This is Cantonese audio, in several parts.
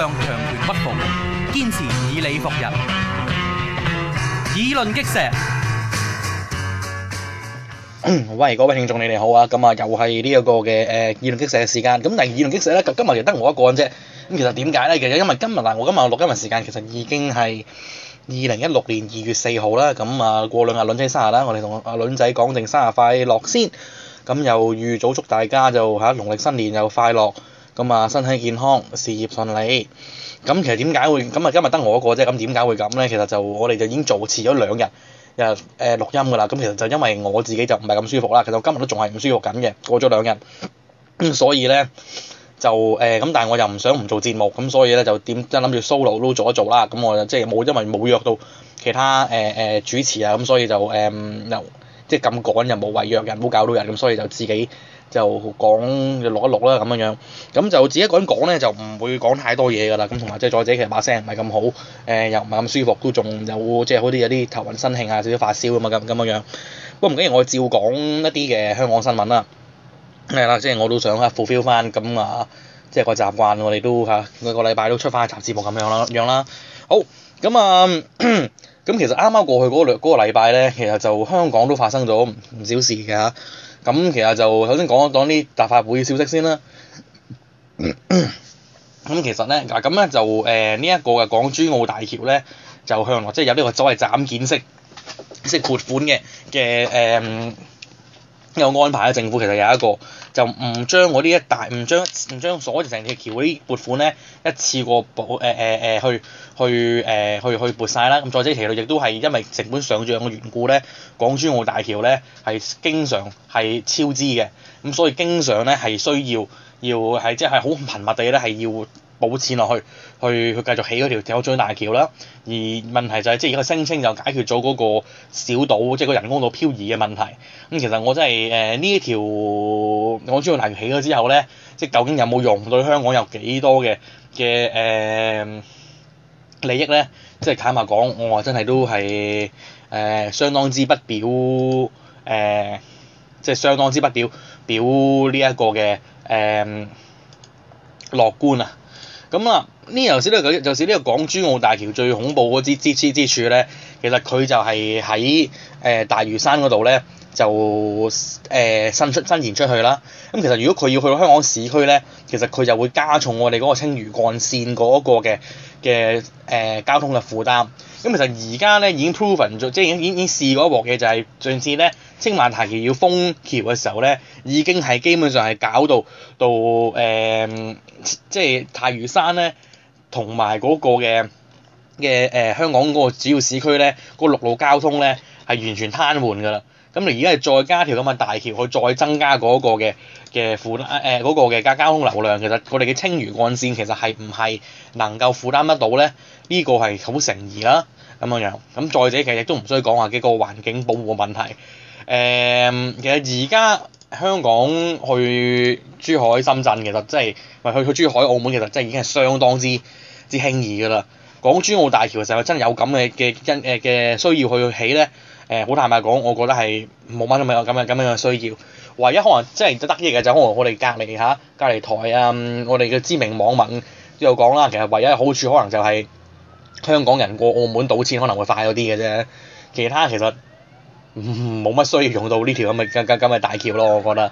向強權屈服，堅持以理服人。議論擊石。喂，各位聽眾你哋好啊！咁啊，又係呢一個嘅誒議論擊石嘅時間。咁但係議論擊石咧，今日就得我一個嘅啫。咁其實點解咧？其實因為今日嗱，我今日錄今日時間其實已經係二零一六年二月四號啦。咁啊，過兩日囡仔生日啦，我哋同阿囡仔講定生日快樂先。咁又預早祝大家就嚇農曆新年又快樂。咁啊，身體健康，事業順利。咁其實點解會咁啊？今日得我一個啫，咁點解會咁咧？其實就我哋就已經做遲咗兩日，誒誒錄音㗎啦。咁其實就因為我自己就唔係咁舒服啦。其實我今日都仲係唔舒服緊嘅。過咗兩日，咁所以咧就誒，咁但係我又唔想唔做節目，咁所以咧就點即係諗住 solo 都做一做啦。咁我就即係冇因為冇約到其他誒誒主持啊，咁所以就誒又即係咁趕又冇違約人，冇搞到人，咁所以就自己。就講就錄一錄啦咁樣樣，咁就自己一個人講咧就唔會講太多嘢㗎啦，咁同埋即係再者其實把聲唔係咁好，誒、呃、又唔係咁舒服，都仲有即係好似有啲頭暈身㷫啊，少少發燒啊咁咁樣樣。樣不過唔緊要，我照講一啲嘅香港新聞啦，係啦，即係我都想嚇 fulfil 翻咁啊，即係個習慣我哋都嚇每、啊、個禮拜都出翻一集節目咁樣啦樣啦。好，咁啊，咁 其實啱啱過去嗰兩嗰個禮拜咧，其實就香港都發生咗唔少事嘅咁其實就首先講一講啲立法會嘅消息先啦，咁 其實咧嗱咁咧就誒呢一個嘅港珠澳大橋咧就向來即係、就是、有呢個所謂斬件式，即係撥款嘅嘅誒有安排嘅政府其實有一個。就唔將嗰啲一大唔將唔將鎖住成條橋啲撥款咧，一次過補、呃呃、去、呃、去、呃、去去撥晒啦。咁再者，其實亦都係因為成本上漲嘅緣故咧，港珠澳大橋咧係經常係超支嘅，咁所以經常咧係需要要係即係好頻密地咧係要。補錢落去，去去繼續起嗰條港珠澳大橋啦。而問題就係、是，即係佢聲稱就解決咗嗰個小島，即係個人工島漂移嘅問題。咁、嗯、其實我真係誒呢一條，我知道例如起咗之後咧，即係究竟有冇用對香港有幾多嘅嘅誒利益咧？即係坦白講，我話真係都係誒、呃、相當之不表誒、呃，即係相當之不表表呢一個嘅誒樂觀啊！咁啊，呢頭先呢個就似呢個港珠澳大橋最恐怖嗰支支支之處咧，其實佢就係喺、呃、大嶼山嗰度咧，就誒、呃、伸出伸延出，出去啦。咁、嗯、其實如果佢要去到香港市區咧，其實佢就會加重我哋嗰個青嶼幹線嗰個嘅嘅誒交通嘅負擔。咁、嗯、其實而家咧已經 proven 咗，即係已經已經試過一鑊嘅，就係上次咧，青馬大橋要封橋嘅時候咧，已經係、就是、基本上係搞到到誒、呃，即係大嶼山咧，同埋嗰個嘅嘅誒香港嗰個主要市區咧，嗰個陸路交通咧係完全癱瘓㗎啦。咁你而家係再加條咁嘅大橋去再增加嗰個嘅嘅負擔誒嗰個嘅架交通流量，其實我哋嘅青嶼幹線其實係唔係能夠負擔得到咧？呢、呢個係好成疑啦。咁樣樣，咁再者其實亦都唔需要講話幾個環境保護嘅問題。誒、呃，其實而家香港去珠海、深圳其實即、就、係、是，或去去珠海、澳門其實即係已經係相當之之輕易㗎啦。港珠澳大橋嘅時候真的的，真係有咁嘅嘅因誒嘅需要去起咧。誒、呃，好坦白講，我覺得係冇乜咁嘅咁樣嘅需要。唯一可能即係得益嘅就可能我哋隔離嚇隔離台啊、嗯，我哋嘅知名網民都有講啦。其實唯一嘅好處可能就係、是。香港人過澳門賭錢可能會快咗啲嘅啫，其他其實冇乜需要用到呢條咁嘅咁咁嘅大橋咯，我覺得，誒、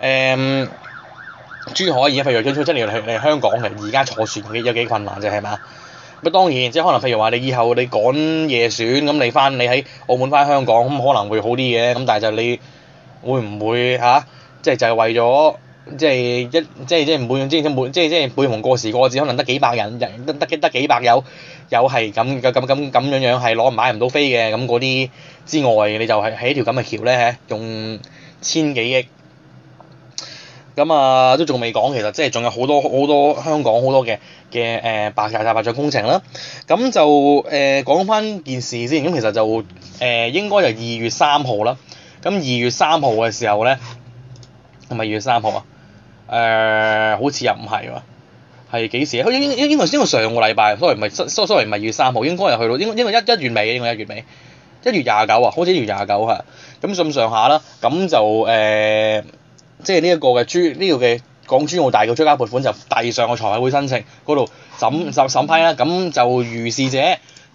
嗯，珠海而家譬如想出真嚟嚟香港嘅，而家坐船有幾，有幾困難啫，係嘛？咁當然即係可能譬如話你以後你趕夜船咁，你返你喺澳門返香港咁可能會好啲嘅，咁但係就你會唔會吓？即、啊、係就係、是、為咗。即係一即係即係每即係即係每逢過時過節，可能得幾百人人得得得幾百有有係咁咁咁咁樣樣係攞唔買唔到飛嘅咁嗰啲之外，你就係喺條咁嘅橋咧，用千幾億。咁啊，都仲未講，其實即係仲有好多好多香港好多嘅嘅誒白大白象工程啦。咁就誒、呃、講翻件事先，咁其實就誒、呃、應該就二月三號啦。咁二月三號嘅時候咧，係咪二月三號啊？誒、呃，好似又唔係喎，係幾時啊？應應應該應該上個禮拜，sorry 唔係蘇蘇蘇雲唔係二月三號，應該係去到，應該應該一一月尾，應該一月尾，一月廿九啊，好似一月廿九嚇，咁咁上下啦，咁就誒、呃，即係呢一個嘅珠呢條嘅港珠澳大橋追加撥款就遞上個財委會申請嗰度審審審批啦，咁就如是者，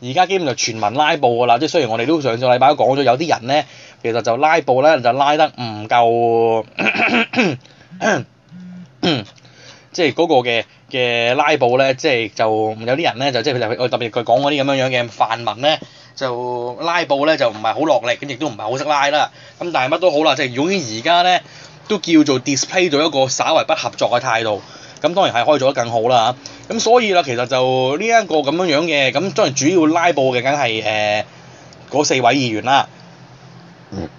而家基本上全民拉布㗎啦，即係雖然我哋都上上禮拜都講咗，有啲人咧其實就拉布咧就拉得唔夠。 嗯、即係嗰個嘅嘅拉布咧，即係就有啲人咧就即係佢特別佢講嗰啲咁樣樣嘅泛民咧，就拉布咧就唔係好落力，咁亦都唔係好識拉啦。咁但係乜都好啦，即係總之而家咧都叫做 display 咗一個稍為不合作嘅態度。咁當然係可以做得更好啦嚇。咁所以啦，其實就呢一個咁樣樣嘅，咁當然主要拉布嘅梗係誒嗰四位議員啦。嗯。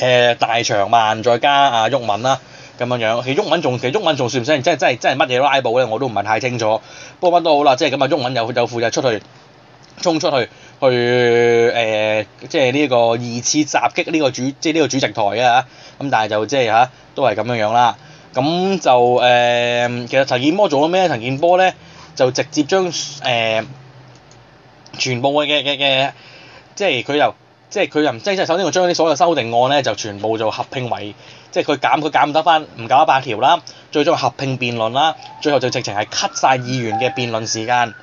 呃、大長慢再加阿毓民啦。咁樣其中允仲其中允仲算唔算？真係真係真係乜嘢都拉布咧，我都唔係太清楚。不過乜都好啦，即係咁啊，鬱允有有負責出去衝出去去誒、呃，即係呢、這個二次襲擊呢個主，即係呢個主席台嘅咁、啊、但係就即係、啊、都係咁樣啦。咁、啊、就、呃、其實陳健波做咗咩咧？陳健波咧就直接將、呃、全部嘅嘅嘅，即係佢又。即係佢又唔即係，首先我將啲所有修訂案咧就全部就合併為，即係佢減佢減唔得翻唔夠一百條啦，最終合併辯論啦，最後就直情係 cut 曬議員嘅辯論時間，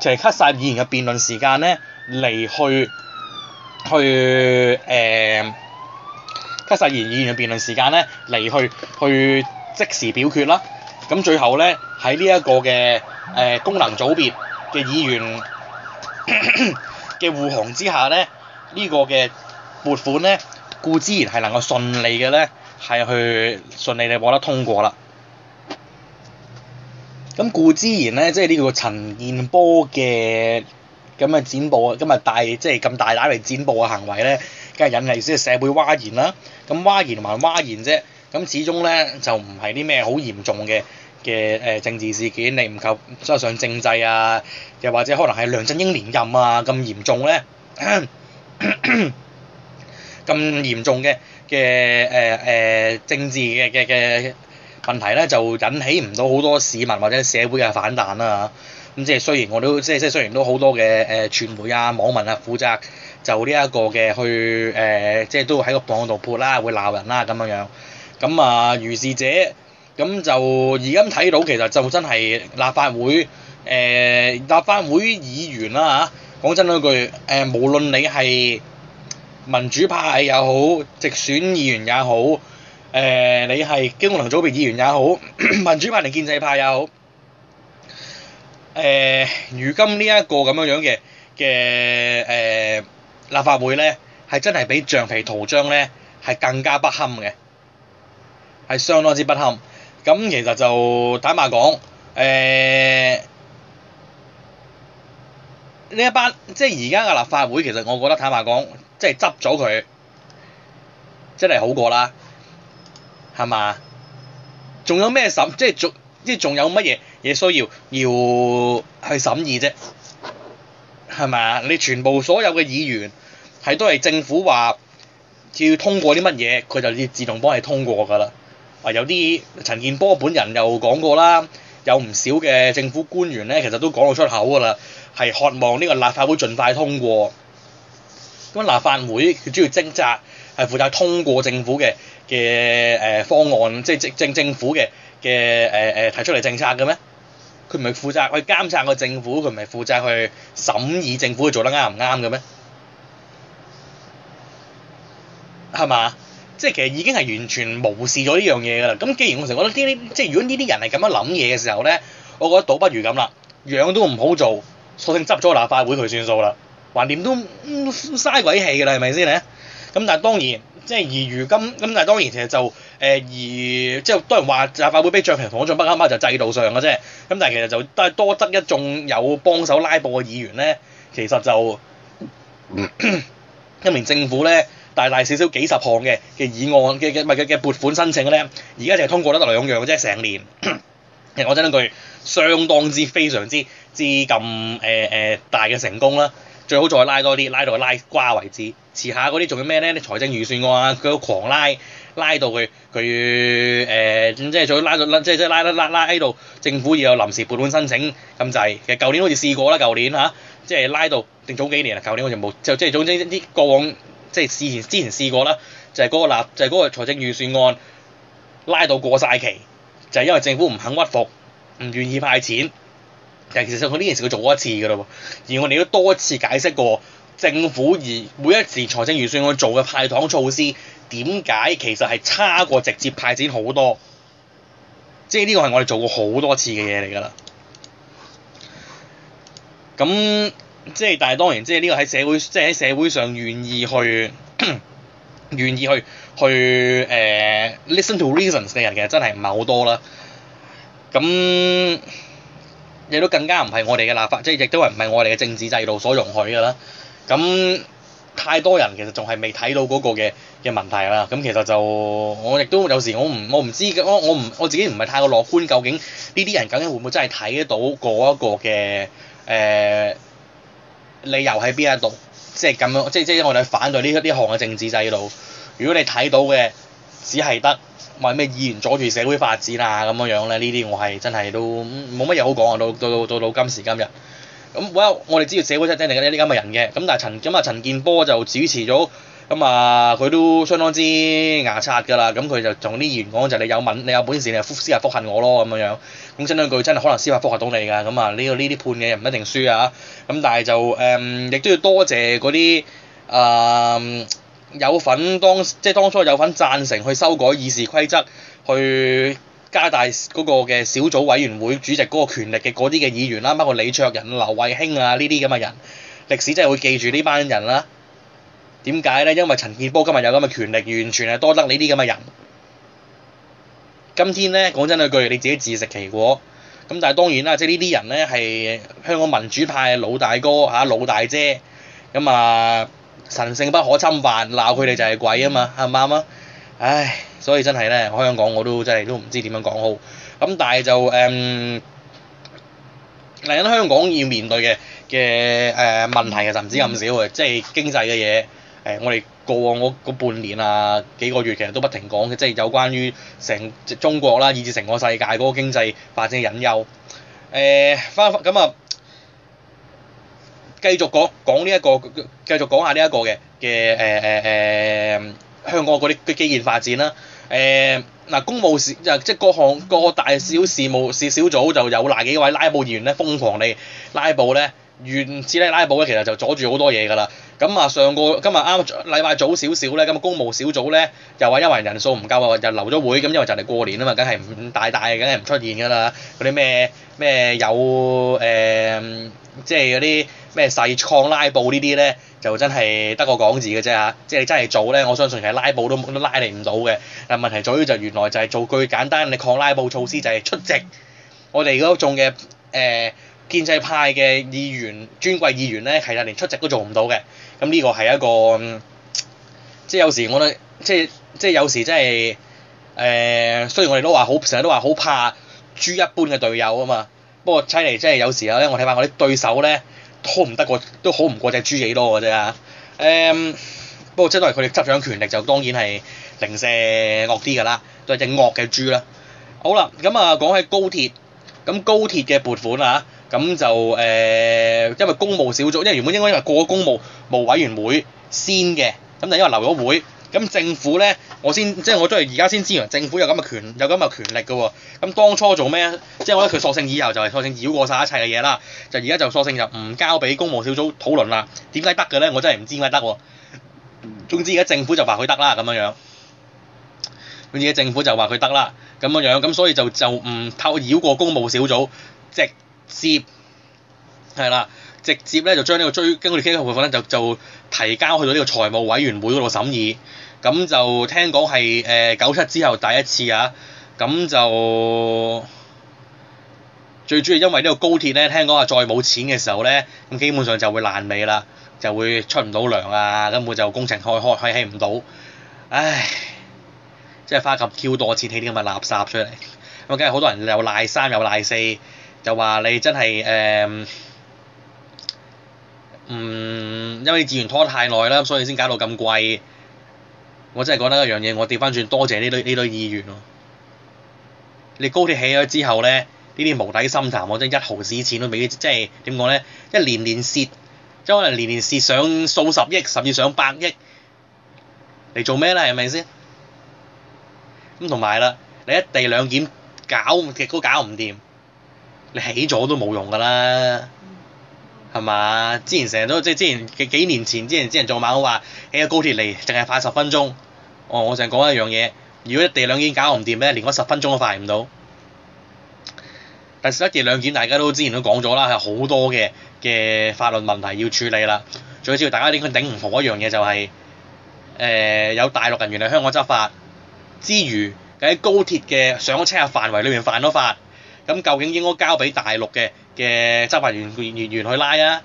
就係 cut 曬議員嘅辯論時間咧嚟去去誒 cut 曬而議員嘅辯論時間咧嚟去去即時表決啦。咁最後咧喺呢一個嘅、呃、功能組別嘅議員。咳咳嘅護航之下咧，呢、這個嘅撥款咧，固之然係能夠順利嘅咧，係去順利地獲得通過啦。咁固之然咧，即係呢個陳健波嘅咁嘅剪布，咁啊大即係咁大膽嚟剪布嘅行為咧，梗係引嚟即係社會譁然啦。咁譁然同埋譁然啫，咁始終咧就唔係啲咩好嚴重嘅嘅誒、呃、政治事件，你唔及即係上政制啊，又或者可能係梁振英連任啊咁嚴重咧，咁嚴重嘅嘅誒誒政治嘅嘅嘅問題咧，就引起唔到好多市民或者社會嘅反彈啦，咁即係雖然我都即係即係雖然都好多嘅誒傳媒啊、網民啊負責就這個去，就呢一個嘅去誒，即係都喺個檔度潑啦，會鬧人啦咁樣樣咁啊，如、啊、是者。咁就而家睇到，其實就真係立法會，誒立法會議員啦嚇，講真嗰句，誒無論你係民主派又好，直選議員也好，誒你係功能組別議員也好，民主派定建制派也好，誒如今呢一個咁樣樣嘅嘅誒立法會咧，係真係比橡皮圖章咧係更加不堪嘅，係相當之不堪。咁其實就坦白講，誒呢一班即係而家嘅立法會，其實我覺得坦白講，即係執咗佢，真係好過啦，係嘛？仲有咩審？即係仲即係仲有乜嘢嘢需要要去審議啫？係咪啊？你全部所有嘅議員係都係政府話要通過啲乜嘢，佢就要自動幫你通過㗎啦。啊！有啲陳健波本人又講過啦，有唔少嘅政府官員咧，其實都講到出口㗎啦，係渴望呢個立法會盡快通過。咁立法會佢主要職責係負責通過政府嘅嘅誒方案，即係政政政府嘅嘅誒誒提出嚟政策嘅咩？佢唔係負責去監察個政府，佢唔係負責去審議政府佢做得啱唔啱嘅咩？係嘛？即係其實已經係完全無視咗呢樣嘢㗎啦。咁既然我成日覺得呢啲，即係如果呢啲人係咁樣諗嘢嘅時候咧，我覺得倒不如咁啦，樣都唔好做，索性執咗個立法會佢算數啦，橫掂都嘥鬼氣㗎啦，係咪先咧？咁但係當然，即係而如今，咁但係當然其實就誒而、呃、即係當然話立法會俾帳平同我進不啱嘛，就制度上嘅啫。咁但係其實就都係多得一眾有幫手拉布嘅議員咧，其實就一名、嗯、 政府咧。大大小小幾十項嘅嘅議案嘅嘅唔係嘅嘅撥款申請咧，而家就係通過得兩樣嘅啫，成年我真係嗰句，相當之非常之之咁誒誒大嘅成功啦。最好再拉多啲，拉到佢拉瓜為止。遲下嗰啲仲有咩咧？啲財政預算案佢要狂拉，拉到佢佢誒，即係再拉到即係即係拉拉拉拉喺度，政府要有臨時撥款申請咁滯。其實舊年好似試過啦，舊年吓、啊，即係拉到定早幾年啊？舊年好似冇就即係總之啲過往。即係事前之前試過啦，就係嗰個立就係嗰個財政預算案拉到過晒期，就係因為政府唔肯屈服，唔願意派錢。但其實佢呢件事佢做過一次㗎啦，而我哋都多次解釋過政府而每一次財政預算案做嘅派糖措施，點解其實係差過直接派錢好多？即係呢個係我哋做過好多次嘅嘢嚟㗎啦。咁。即係，但係當然，即係呢個喺社會，即係喺社會上願意去願意去去誒、呃、listen to reasons 嘅人，其實真係唔係好多啦。咁亦都更加唔係我哋嘅立法，即係亦都係唔係我哋嘅政治制度所容許嘅啦。咁太多人其實仲係未睇到嗰個嘅嘅問題啦。咁其實就我亦都有時我唔我唔知我我唔我自己唔係太過樂觀，究竟呢啲人究竟會唔會真係睇得到嗰一個嘅誒？呃理由喺邊一度？即係咁樣，即係即係我哋反對呢一啲行嘅政治制度。如果你睇到嘅只係得話咩議員阻住社會發展啦咁樣樣咧，呢啲我係真係都冇乜嘢好講呀，到到到到今時今日，咁、嗯、我我哋知道社會真係真嘅，呢啲咁嘅人嘅。咁但係陳咁啊陳健波就主持咗。咁、嗯、啊，佢都相當之牙刷㗎啦。咁、嗯、佢就同啲議員講就你有敏，你有本事你就司法復核我咯咁樣樣。咁、嗯、真係佢真係可能司法復核到你㗎。咁、嗯、啊，呢個呢啲判嘅唔一定輸啊。咁但係就誒，亦、嗯、都要多謝嗰啲啊有份當即當初有份贊成去修改議事規則，去加大嗰個嘅小組委員會主席嗰個權力嘅嗰啲嘅議員，啦，包括李卓人、劉慧卿啊呢啲咁嘅人，歷史真係會記住呢班人啦、啊。點解咧？因為陳健波今日有咁嘅權力，完全係多得你啲咁嘅人。今天咧，講真嗰句，你自己自食其果。咁但係當然啦，即係呢啲人咧係香港民主派嘅老大哥嚇、啊、老大姐。咁啊，神聖不可侵犯，鬧佢哋就係鬼啊嘛，係唔啱啊？唉，所以真係咧，香港我都真係都唔知點樣講好。咁但係就誒，嚟、嗯、緊香港要面對嘅嘅誒問題其實唔止咁少嘅，嗯、即係經濟嘅嘢。誒，我哋過往半年啊，幾個月其實都不停講嘅，即係有關於成中國啦，以至成個世界嗰個經濟發展嘅隱憂。誒、呃，翻咁啊，繼續講講呢一個，繼續講下呢一個嘅嘅誒誒誒，香港嗰啲嘅基建發展啦。誒、呃，嗱工務事即係各項各大小事務事小組就有嗱幾位拉布議員咧，瘋狂地拉布咧。原次咧拉布咧，其實就阻住好多嘢㗎啦。咁啊，上個今日啱禮拜早少少咧，咁工務小組咧又話因為人數唔夠啊，就留咗會。咁因為就嚟過年啊嘛，梗係唔大大，梗係唔出現㗎啦。嗰啲咩咩有、呃、即係嗰啲咩細抗拉布呢啲咧，就真係得個講字嘅啫嚇。即係真係做咧，我相信係拉布都都拉嚟唔到嘅。但問題早要就係、原來就係做句簡單嘅，你抗拉布措施就係出席我哋嗰種嘅建制派嘅議員、尊貴議員咧其實，連出席都做唔到嘅。咁呢個係一個即係有時我覺得即係即係有時真係誒、呃，雖然我哋都話好，成日都話好怕豬一般嘅隊友啊嘛。不過睇嚟真係有時候咧，我睇下我啲對手咧，都唔得過，都好唔過隻豬幾多嘅啫。誒、呃、不過真係因為佢哋執掌權力，就當然係零舍惡啲㗎啦，都、就、係、是、隻惡嘅豬啦。好啦,咁啊，講起高鐵，咁高鐵嘅撥款啊！咁就、呃、因為工務小組，因為原本應該因為過工務務委員會先嘅，咁就因為留咗會。咁政府咧，我先即係我都係而家先知，政府有咁嘅權有咁嘅權力嘅喎、哦。咁當初做咩？即係我覺得佢索性以後就係索性繞過晒一切嘅嘢啦。就而家就索性就唔交俾工務小組討論啦。點解得嘅咧？我真係唔知點解得。總之而家政府就話佢得啦，咁樣樣。總之而家政府就話佢得啦，咁樣樣，咁所以就就唔透繞過工務小組直。即接係啦，直接咧就將呢個追跟佢哋傾嘅部分咧，就就提交去到呢個財務委員會嗰度審議。咁就聽講係誒九七之後第一次啊。咁就最主要因為呢個高鐵咧，聽講話再冇錢嘅時候咧，咁基本上就會爛尾啦，就會出唔到糧啊，根本就工程開開開起唔到。唉，即係花咁 Q 多錢起啲咁嘅垃圾出嚟，咁梗係好多人又賴三又賴四。就話你真係、呃、嗯，因為你志願拖得太耐啦，所以先搞到咁貴。我真係覺得一樣嘢，我調翻轉多謝呢堆呢堆議員咯。你高鐵起咗之後咧，呢啲無底深潭，我真係一毫子錢都未，即係點講咧？一年年蝕，即可能年年蝕上數十億，甚至上百億你做咩咧？係咪先？咁同埋啦，你一地兩檢搞極都搞唔掂。你起咗都冇用㗎啦，係嘛？之前成日都即係之前幾年前之前之前做馬好話起個高鐵嚟，淨係快十分鐘。哦，我成日講一樣嘢，如果一地兩檢搞唔掂咧，連嗰十分鐘都快唔到。但係一地兩檢大家都之前都講咗啦，係好多嘅嘅法律問題要處理啦。最主要大家點解頂唔住一樣嘢就係、是，誒、呃、有大陸人員嚟香港執法之餘，喺高鐵嘅上咗車嘅範圍裏面犯咗法。咁究竟應該交俾大陸嘅嘅執法員員員員去拉啊，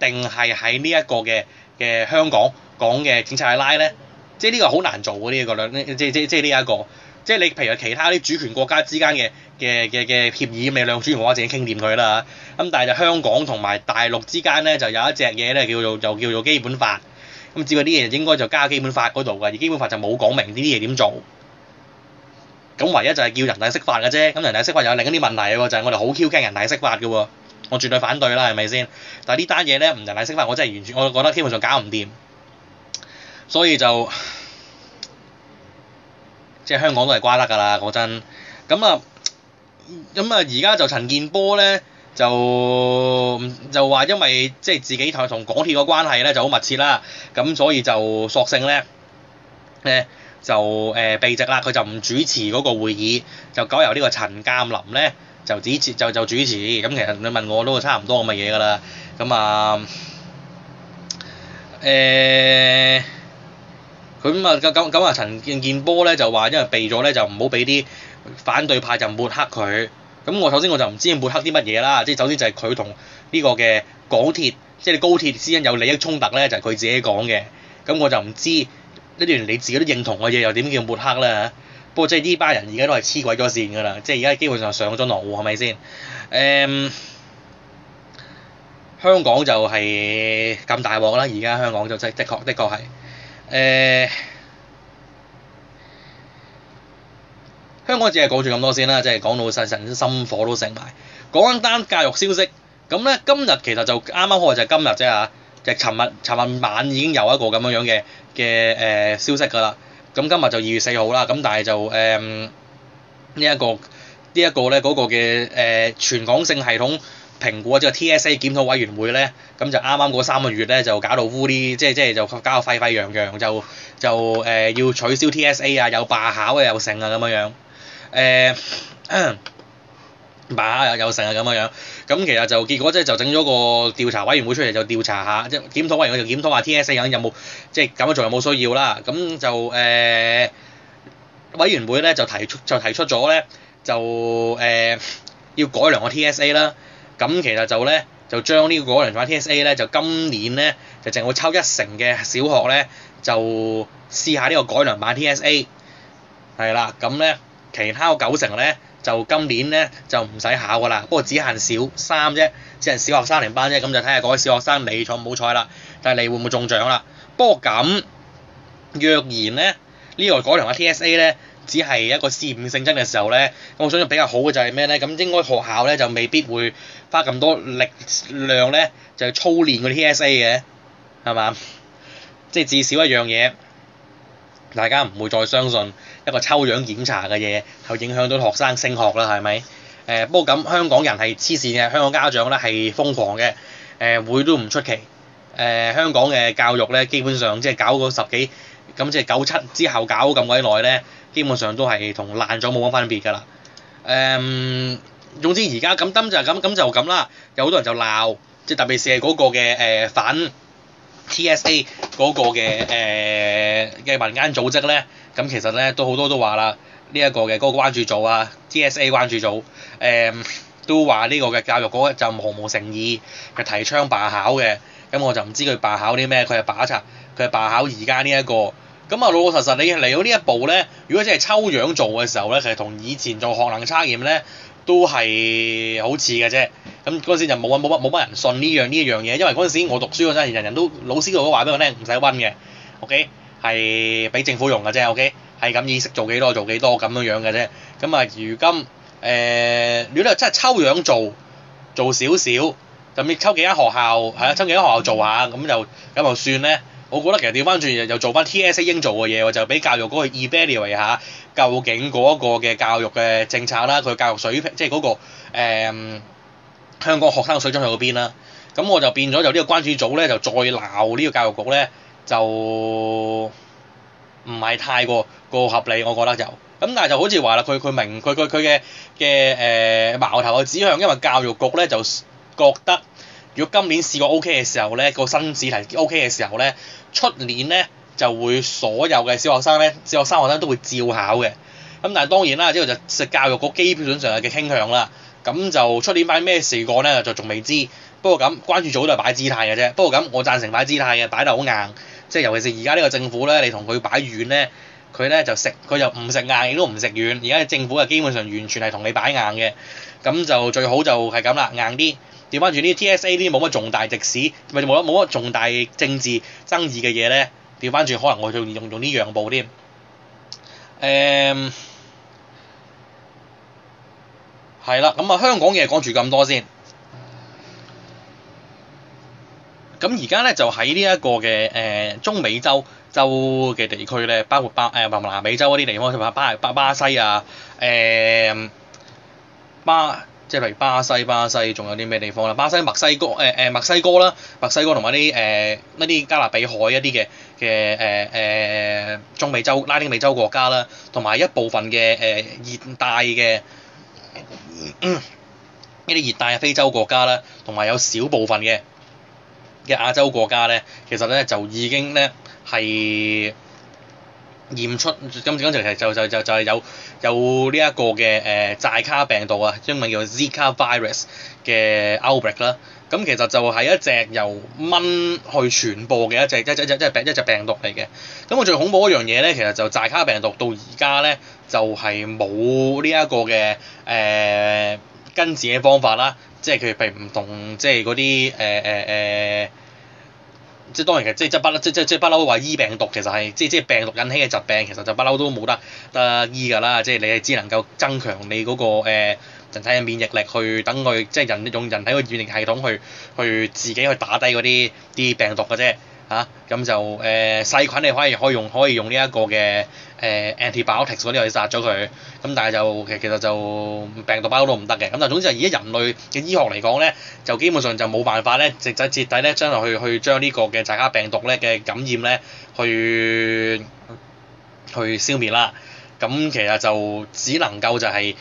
定係喺呢一個嘅嘅香港講嘅警察去拉咧？即係呢個好難做嘅呢個兩，即係即係即係呢一個。即係、呢個、你譬如其他啲主權國家之間嘅嘅嘅嘅協議，咪兩主權國家自己傾掂佢啦。咁但係就香港同埋大陸之間咧，就有一隻嘢咧，叫做又叫做基本法。咁只嗰啲嘢應該就加基本法嗰度㗎，而基本法就冇講明呢啲嘢點做。咁唯一就係叫人大釋法嘅啫，咁人大釋法有另一啲問題喎，就係、是、我哋好 Q 驚人大釋法嘅喎，我絕對反對啦，係咪先？但係呢單嘢咧唔人大釋法，我真係完全，我覺得基本上搞唔掂，所以就即係香港都係瓜得㗎啦，講真。咁啊，咁啊，而家就陳健波咧就就話因為即係、就是、自己同同港鐵嘅關係咧就好密切啦，咁所以就索性咧誒。呃就誒、呃、避席啦，佢就唔主持嗰個會議，就改由呢個陳鑑林咧就主持，就就主持。咁其實你問我都差唔多咁嘅嘢㗎啦。咁啊誒，佢咁啊咁咁啊，陳健波咧就話因為避咗咧就唔好俾啲反對派就抹黑佢。咁我首先我就唔知抹黑啲乜嘢啦，即係首先就係佢同呢個嘅港鐵，即、就、係、是、高鐵之間有利益衝突咧，就係、是、佢自己講嘅。咁我就唔知。一段你自己都認同嘅嘢，又點叫抹黑啦！不過即係呢班人而家都係黐鬼咗線㗎啦，即係而家基本上上咗狼戶係咪先？誒、嗯，香港就係咁大鑊啦，而家香港就即係的確的確係誒。香港只係講住咁多先啦，即係講到實實心火都醒埋。講單教育消息，咁咧今日其實就啱啱好，就係今日啫嚇，就係尋日尋日晚已經有一個咁樣樣嘅。嘅誒、呃、消息㗎啦，咁今日就二月四號啦，咁但係就誒呢一個呢一個咧嗰個嘅誒全港性系統評估，即係 TSA 檢討委員會咧，咁就啱啱嗰三個月咧就搞到污啲，即係即係就搞到沸沸揚揚，就就誒、呃、要取消 TSA 啊，有罷考啊，又成啊咁樣樣誒。呃唔係成啊咁樣樣，咁其實就結果即係就整咗個調查委員會出嚟，就調查下即係檢討，委員會就檢討下 TSA 有冇即係咁樣做有冇需要啦，咁就誒、呃、委員會咧就提出就提出咗咧就誒、呃、要改良個 TSA 啦，咁其實就咧就將呢個改良版 TSA 咧就今年咧就淨係會抽一成嘅小學咧就試下呢個改良版 TSA 係啦，咁咧其他九成咧。就今年咧就唔使考㗎啦，不過只限小三啫，只限小學三年班啫，咁就睇下嗰位小學生你錯唔冇錯啦，但係你會唔會中獎啦？不過咁若然咧呢、呢個改良嘅 TSA 咧只係一個試驗性質嘅時候咧，咁我想比較好嘅就係咩咧？咁應該學校咧就未必會花咁多力量咧就操練嗰啲 TSA 嘅，係嘛？即係至少一樣嘢，大家唔會再相信。一個抽樣檢查嘅嘢，係影響到學生升學啦，係咪？誒、呃，不過咁香港人係黐線嘅，香港家長咧係瘋狂嘅，誒、呃、會都唔出奇。誒、呃、香港嘅教育咧，基本上即係搞個十幾，咁即係九七之後搞咁鬼耐咧，基本上都係同爛咗冇乜分別㗎啦。誒、呃，總之而家咁，就係咁，咁就咁啦。有好多人就鬧，即係特別是係嗰個嘅誒、呃、反 TSA 嗰個嘅誒嘅民間組織咧。咁其實咧都好多都話啦，呢一個嘅嗰個關注組啊，TSA 關注組，誒都話呢個嘅教育局就毫無誠意嘅提倡罷考嘅。咁我就唔知佢罷考啲咩，佢係罷一層，佢係罷考而家呢一個。咁啊老老實實，你嚟到呢一步咧，如果真係抽樣做嘅時候咧，其實同以前做學能測驗咧都係好似嘅啫。咁嗰陣時就冇冇乜冇乜人信呢樣呢一樣嘢，因為嗰陣時我讀書嗰陣時，人人都老師都話俾我聽唔使溫嘅。OK。係俾政府用嘅啫，OK？係咁意識做幾多做幾多咁樣樣嘅啫。咁啊、呃，如今誒如果你，真係抽樣做，做少少，咁你抽幾間學校，係啊，抽幾間學校做一下，咁就，咁就算咧？我覺得其實調翻轉又做翻 TSA 應做嘅嘢喎，就俾教育嗰個 evaluate 下，究竟嗰個嘅教育嘅政策啦，佢教育水平即係嗰、嗰個、呃、香港學生嘅水準去到邊啦？咁我就變咗就呢個關注組咧，就再鬧呢個教育局咧。就唔係太過過合理，我覺得就咁，但係就好似話啦，佢佢明佢佢佢嘅嘅誒矛頭嘅指向，因為教育局咧就覺得，如果今年試過 OK 嘅時候咧，個新試題 OK 嘅時候咧，出年咧就會所有嘅小學生咧，小學生學生都會照考嘅。咁但係當然啦，呢個就教育局基本上嘅傾向啦。咁就出年發咩事過咧，就仲未知。不過咁關注組都係擺姿態嘅啫。不過咁我贊成擺姿態嘅，擺得好硬。即係尤其是而家呢個政府咧，你同佢擺軟咧，佢咧就食佢就唔食硬，亦都唔食軟。而家政府啊，基本上完全係同你擺硬嘅，咁就最好就係咁啦，硬啲。調翻轉啲 TSA 啲冇乜重大歷史，咪冇冇乜重大政治爭議嘅嘢咧，調翻轉可能我仲用用啲讓步添。誒、嗯，係啦，咁啊香港嘢講住咁多先。咁而家咧就喺呢一個嘅誒、呃、中美洲洲嘅地區咧，包括巴誒、呃、南美洲嗰啲地方，同埋巴巴、巴西啊，誒、呃、巴即係譬如巴西、巴西，仲有啲咩地方啦？巴西、墨西哥誒誒墨西哥啦，墨西哥同埋啲誒一啲、呃、加勒比海一啲嘅嘅誒誒中美洲拉丁美洲國家啦，同埋一部分嘅誒、呃熱、呃、熱帶嘅一啲熱帶嘅非洲國家啦，同埋有少部分嘅嘅亞洲國家咧，其實咧就已經咧係驗出，今次嗰陣就就就就係有有呢一個嘅誒、呃、寨卡病毒啊，英文叫 Zika virus 嘅 outbreak 啦。咁其實就係一隻由蚊去傳播嘅一隻一隻一隻一隻病毒嚟嘅。咁我最恐怖嘅一樣嘢咧，其實就係寨卡病毒到而家咧就係冇呢一個嘅誒、呃、根治嘅方法啦。即係佢並唔同那些、呃呃，即係嗰啲誒誒誒，即係當然嘅，即即不即即即不嬲話醫病毒，其實係即即係病毒引起嘅疾病，其實就不嬲都冇得得醫㗎啦。即係你係只能夠增強你嗰、那個、呃、人體嘅免疫力去等佢，即、就、係、是、人用人體嘅免疫系統去去自己去打低嗰啲啲病毒嘅啫。嚇、啊、咁就誒細菌你可以可以用可以用呢一個嘅。誒 antibiotics 嗰啲可以殺咗佢，咁、嗯、但係就其其實就病毒包到唔得嘅，咁但係總之就而家人類嘅醫學嚟講咧，就基本上就冇辦法咧，直仔徹底咧將嚟去去將呢個嘅大家病毒咧嘅感染咧去去消滅啦，咁其實就只能夠就係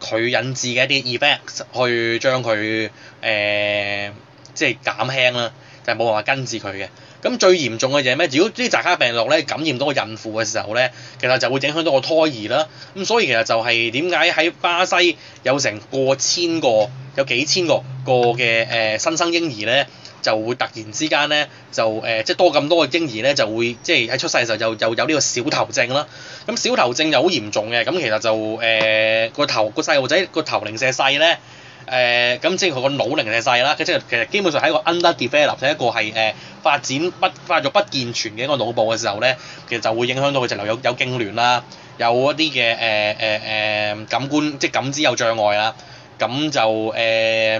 佢引致嘅一啲 effect 去將佢誒、呃、即係減輕啦，就冇辦法根治佢嘅。咁最嚴重嘅嘢咩？如果啲寨卡病毒咧感染到個孕婦嘅時候咧，其實就會影響到個胎兒啦。咁所以其實就係點解喺巴西有成過千個、有幾千個個嘅誒新生嬰兒咧，就會突然之間咧就誒、呃、即係多咁多個嬰兒咧就會即係喺出世嘅時候又又有呢個小頭症啦。咁小頭症又好嚴重嘅，咁其實就誒、呃、個頭個細路仔個頭零舍細咧。誒，咁、呃、即係佢個腦零舍細啦，即係其實基本上喺一個 underdevelop，即係一個係誒、呃、發展不，發育不健全嘅一個腦部嘅時候咧，其實就會影響到佢直流有有痙攣啦，有一啲嘅誒誒誒感官即係感知有障礙啊，咁就誒、呃、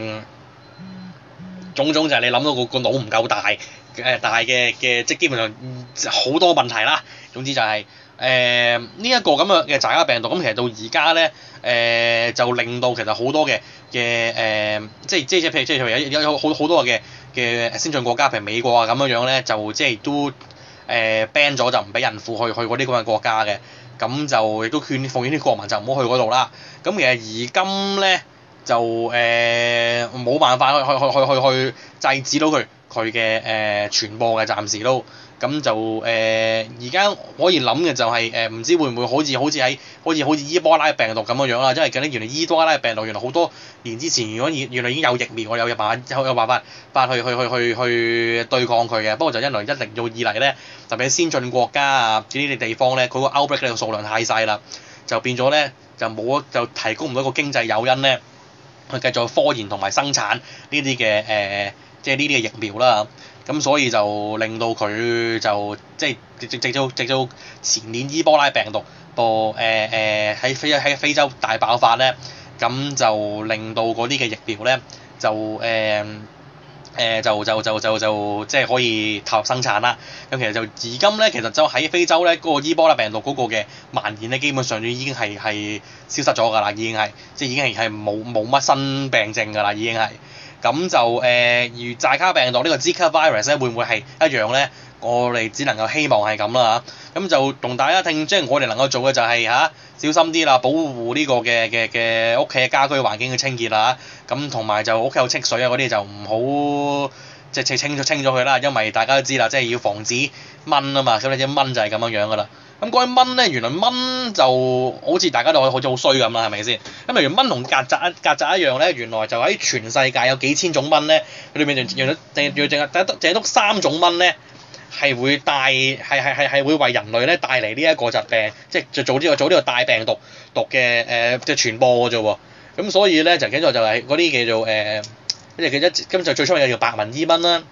種種就係你諗到、個、個腦唔夠大，誒、呃、大嘅嘅，即係基本上好多問題啦，總之就係、係。誒呢一個咁嘅嘅寨卡病毒，咁其實到而家咧，誒、嗯、就令到其實好多嘅嘅誒，即係即係譬如即係有有有好多嘅嘅先進國家，譬如美國啊，咁樣樣咧，就即係都誒 ban 咗，就唔俾孕婦去去嗰啲咁嘅國家嘅，咁就亦都勸奉勸啲國民就唔好去嗰度啦。咁、嗯、其實而今咧就誒冇、呃、辦法去去去去去制止到佢佢嘅誒傳播嘅，暫時都。咁就誒，而、呃、家可以諗嘅就係、是、誒，唔、呃、知會唔會好似好似喺，好似好似伊波拉病毒咁樣樣啦，因為啲原來伊波拉病毒原來好多年之前，如果已原來已經有疫苗，有法有有辦法，有辦法去去去去去對抗佢嘅。不過就因為一零到二嚟咧，特別係先進國家啊，呢啲地方咧，佢個 outbreak 嘅數量太細啦，就變咗咧，就冇就提供唔到一個經濟誘因咧，繼去繼續科研同埋生產呢啲嘅誒，即係呢啲嘅疫苗啦。咁所以就令到佢就即係直直直到直到前年伊波拉病毒播誒誒喺非喺非洲大爆發咧，咁就令到嗰啲嘅疫苗咧就誒誒、呃呃、就就就就就即係可以投入生產啦。咁其實就而今咧，其實就喺非洲咧，個伊波拉病毒嗰個嘅蔓延咧，基本上已經係係消失咗㗎啦，已經係即係已經係係冇冇乜新病症㗎啦，已經係。咁就誒、呃，如寨卡病毒呢、呢個 Zika virus 咧，會唔會係一樣咧？我哋只能夠希望係咁啦嚇。咁就同大家聽，即係我哋能夠做嘅就係、是啊、小心啲啦，保護呢個嘅嘅嘅屋企嘅家居環境嘅清潔啦、啊、嚇。咁同埋就屋企有積水啊嗰啲就唔好即係清清咗佢啦，因為大家都知啦，即係要防止蚊啊嘛。咁你隻蚊就係咁樣樣噶啦。咁嗰、嗯、蚊咧，原來蚊就好似大家都好似好衰咁啦，係咪先？咁例如蚊同曱甴一曱甴一樣咧，原來就喺全世界有幾千種蚊咧，佢裏面仲仲仲淨係淨得淨得三種蚊咧，係會帶係係係係會為人類咧帶嚟呢一個疾病，即係就是、做呢、這個做呢個帶病毒毒嘅誒嘅傳播啫咁、嗯、所以咧就，就、呃呃、叫做就係嗰啲叫做誒，嗰隻叫一根本就最初嘅叫白紋伊蚊啦。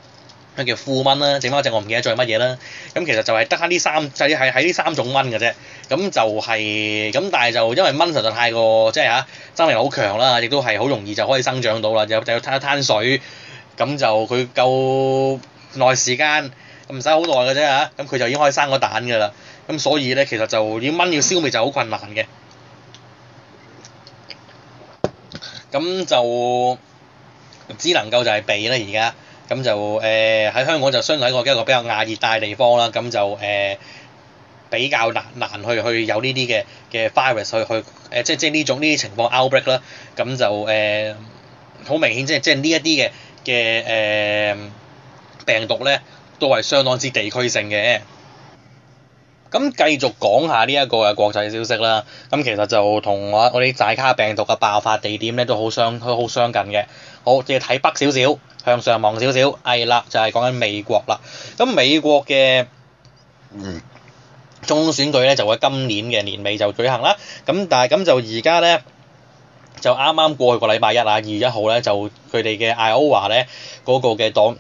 佢叫庫蚊啦，整翻隻我唔記得再係乜嘢啦。咁其實就係得翻呢三，就係喺呢三種蚊嘅啫。咁就係、是，咁但係就因為蚊實在太過，即係呀，生命力好強啦，亦都係好容易就可以生長到啦，又又要攤一攤水，咁就佢夠耐時間，唔使好耐嘅啫吓，咁佢就已經可以生個蛋㗎啦。咁所以咧，其實就要蚊要消滅就好困難嘅。咁就只能夠就係避啦而家。咁就誒喺香港就相對一個一個比較亞熱帶嘅地方啦，咁就誒比較難難去去有呢啲嘅嘅 virus 去去誒即係即係呢種呢啲情況 outbreak 啦，咁就誒好明顯即係即係呢一啲嘅嘅誒病毒咧都係相當之地區性嘅。咁繼續講下呢一個嘅國際消息啦，咁其實就同我我哋寨卡病毒嘅爆發地點咧都好相都好相近嘅。好，我哋睇北少少。向上望少少，係啦，就係講緊美國啦。咁美國嘅中選舉咧，就會今年嘅年尾就舉行啦。咁但係咁就而家咧，就啱啱過去個禮拜一啊，二月一號咧，就佢哋嘅愛奧華咧嗰個嘅黨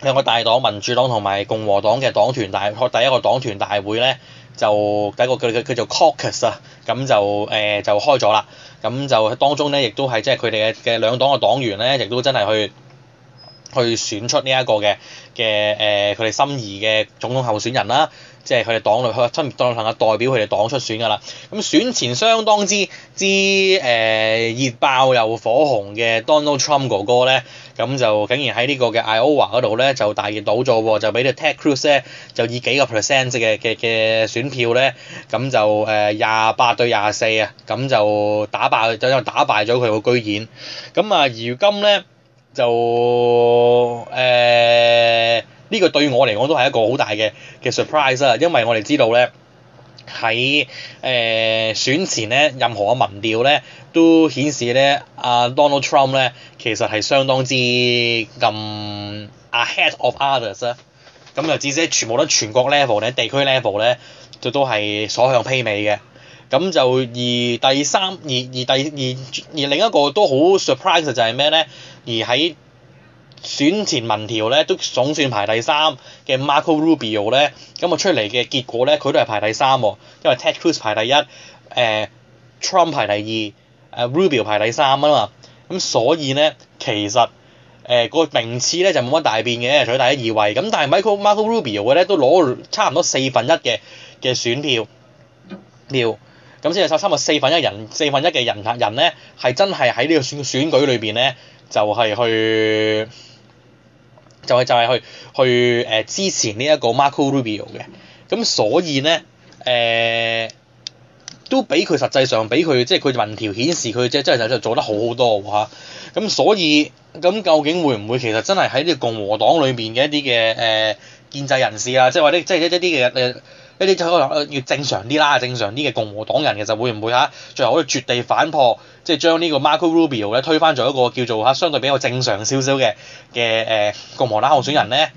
兩個大黨，民主黨同埋共和黨嘅黨團大，第一個黨團大會咧，就一個佢佢叫做 caucus 啊，咁就誒就開咗啦。咁就當中咧，亦都係即係佢哋嘅嘅兩黨嘅黨員咧，亦都真係去。去選出呢一個嘅嘅誒，佢哋心儀嘅總統候選人啦，即係佢哋黨內，佢阿 Donald Trump 嘅代表佢哋黨出選㗎啦。咁選前相當之之誒、呃、熱爆又火紅嘅 Donald Trump 哥哥咧，咁就竟然喺呢個嘅 Iowa 嗰度咧，就大熱倒灶喎，就俾到 Ted Cruz 咧，就以幾個 percent 嘅嘅嘅選票咧，咁就誒廿八對廿四啊，咁就打敗，就打敗咗佢個居然。咁啊，如今咧。就誒呢，呃這個對我嚟講都係一個好大嘅嘅 surprise 啊！因為我哋知道咧喺誒選前咧，任何嘅民調咧都顯示咧阿 Donald Trump 咧其實係相當之咁 ahead of others 啦，啊。咁又至少全部都全國 level 咧地區 level 咧，就都係所向披靡嘅。咁就而第三而而第而而,而另一個都好 surprise 就係咩咧？而喺選前民調咧都總算排第三嘅 Marco Rubio 咧，咁啊出嚟嘅結果咧佢都係排第三喎、啊，因為 Ted Cruz 排第一，誒、呃、Trump 排第二，誒、呃、Rubio 排第三啊嘛，咁所以咧其實誒、呃那個名次咧就冇乜大變嘅，除咗第一二位，咁但係 Michael Marco Rubio 嘅咧都攞差唔多四分一嘅嘅選票票。咁先係差唔多四分一人，四分一嘅人人咧，係真係喺呢個選選舉裏邊咧，就係、是、去，就係就係去去誒、呃、支持呢一個 Marco Rubio 嘅，咁所以咧誒、呃、都俾佢實際上俾佢，即係佢民調顯示佢即係真係真係做得好好多喎、啊、嚇，咁所以咁究竟會唔會其實真係喺呢個共和黨裏邊嘅一啲嘅誒建制人士啊，即係或者即係一啲嘅誒？一啲就可能要正常啲啦，正常啲嘅共和黨人其實會唔會嚇最後可以絕地反破，即係將呢個 Marco Rubio 咧推翻做一個叫做嚇相對比較正常少少嘅嘅誒共和黨候選人咧？誒、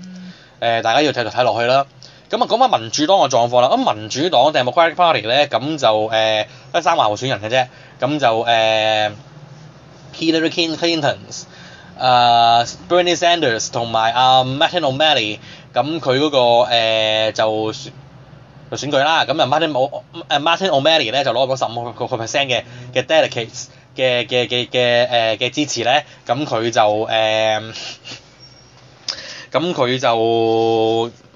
呃、大家要睇睇落去啦。咁啊講翻民主黨嘅狀況啦，咁民主黨定係 Democratic Party 咧，咁就誒得三名候選人嘅啫，咁就誒 Hillary Clinton、誒 Bernie Sanders 同埋阿 Martin O'Malley，咁佢嗰個就。呃就選舉啦，咁啊 Martin O Martin O'Malley、e、咧就攞咗十五個 percent 嘅嘅 Delegate 嘅嘅嘅嘅誒嘅支持咧，咁佢就誒，咁、呃、佢就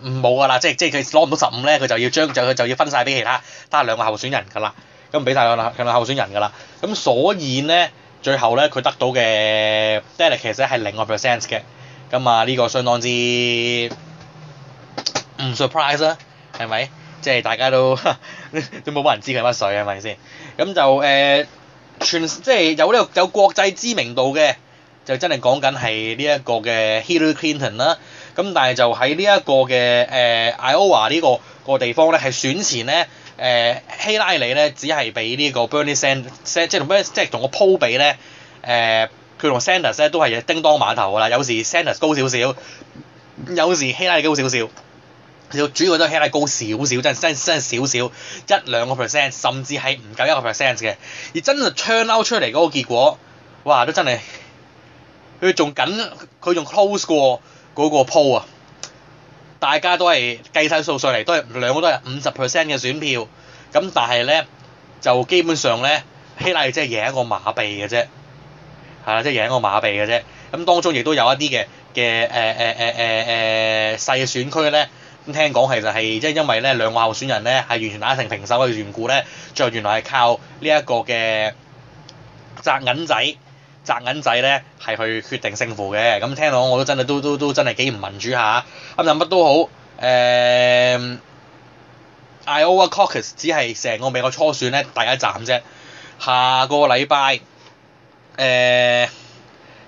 冇㗎啦，即係即係佢攞唔到十五咧，佢就要將就佢就要分晒俾其他，得兩個候選人㗎啦，咁俾曬兩兩候選人㗎啦，咁所以咧最後咧佢得到嘅 Delegate 咧係零個 percent 嘅，咁啊呢個相當之唔 surprise 啊，係咪？即係大家都呵呵都冇乜人知佢乜水啊，係咪先？咁就誒、呃、全即係有呢、呢個有國際知名度嘅，就真係講緊係呢一個嘅 Hillary Clinton 啦。咁但係就喺呢一個嘅、呃、Iowa 呢、呢個、呢個地方咧，係選前咧誒、呃、希拉里咧，只係比呢個 Bernie Sanders 即係同即同個鋪比咧誒，佢、呃、同 Sanders 咧都係叮當馬頭㗎啦，有時 Sanders 高少少，有時希拉里高少少。主要都係希拉高少少，真係升升少少一兩個 percent，甚至係唔夠一個 percent 嘅。而真係槍撈出嚟嗰個結果，哇！都真係佢仲緊，佢仲 close 過嗰個鋪啊！大家都係計晒數上嚟，都係兩個都係五十 percent 嘅選票。咁但係咧，就基本上咧，希拉只係贏一個馬鼻嘅啫，係啦，即係贏一個馬鼻嘅啫。咁當中亦都有一啲嘅嘅誒誒誒誒誒細選區咧。咁聽講其實係即係因為咧兩個候選人咧係完全打成平手嘅緣故咧，就原來係靠呢一個嘅擲銀仔、擲銀仔咧係去決定勝負嘅。咁聽講我都真係都都都真係幾唔民主嚇。咁但係乜都好，誒，Iowa Caucus 只係成個美國初選咧第一站啫。下個禮拜，誒，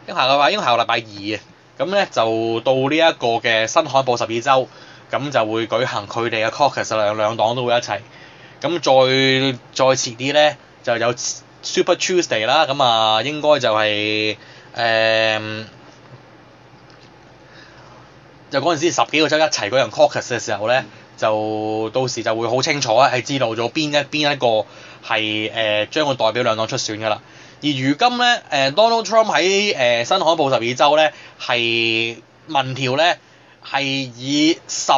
應下個禮應下個禮拜二，咁咧就到呢一個嘅新罕布什爾州。咁就會舉行佢哋嘅 caucus 兩兩黨都會一齊。咁再再遲啲咧，就有 Super Tuesday 啦。咁啊，應該就係、是、誒、呃，就嗰陣時十幾個州一齊舉行 caucus 嘅時候咧，就到時就會好清楚係知道咗邊一邊一個係將、呃、會代表兩黨出選㗎啦。而如今咧、呃、，Donald Trump 喺、呃、新罕布什爾州咧係民調咧。係以十